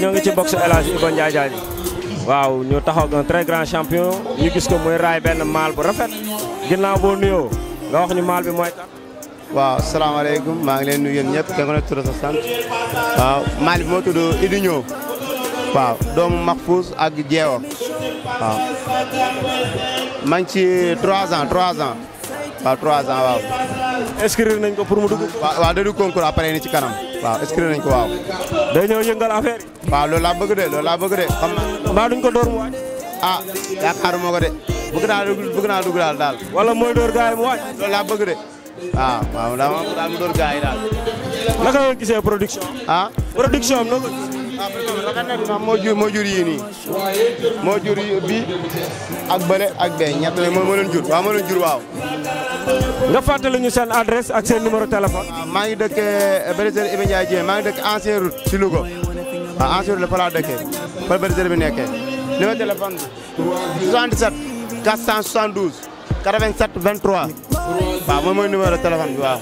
ñoo ngi ci boxe El Hadj Iba Ndiaye waaw ñu taxaw un très grand champion ñu gis ko muy raay benn maal bu rafet ginnaaw boo nuyoo nga wax ñu maal bi mooy kan. waaw salaamaaleykum maa ngi leen nuyu ñëpp kenn ku nekk tur sa maal bi moo tudd Idi Ñoo waaw doomu Mahfouz ak Jeewo waaw maa ngi ci 3 ans 3 ans waaw 3 ans waaw. inscrire nañ ko pour mu dugg. waa waaw da du concours ni ci kanam. waaw inscrire nañ ko waaw. day ñëw yëngal affaire yi. waaw loolu laa bëgg de loolu laa bëgg de xam na. mbaa duñ ko door mu waaj. Ah, ko de bëgg naa bëgg naa dugg daal daal. wala mooy door gaay mu waaj. loolu laa bëgg de. Ah, waaw waaw daa ma gaay daal. naka ngeen gisee production. ah production am moo jur moo jur yii moo jur bi ak bële ak bee ñett la moo leen jur waaw moo leen jur waaw. nga fàttali ñu seen adresse ak seen numéro téléphone. maa ngi dëkk eh, Bérézère Ibi Ndiaye Dieng maa ngi dëkk ancien route si Louga waaw ancien route la fa laa dëkkee fa Bérézère bi nekkee numéro téléphone bi 77 472 87 23 waaw moom mooy numéro téléphone bi waaw.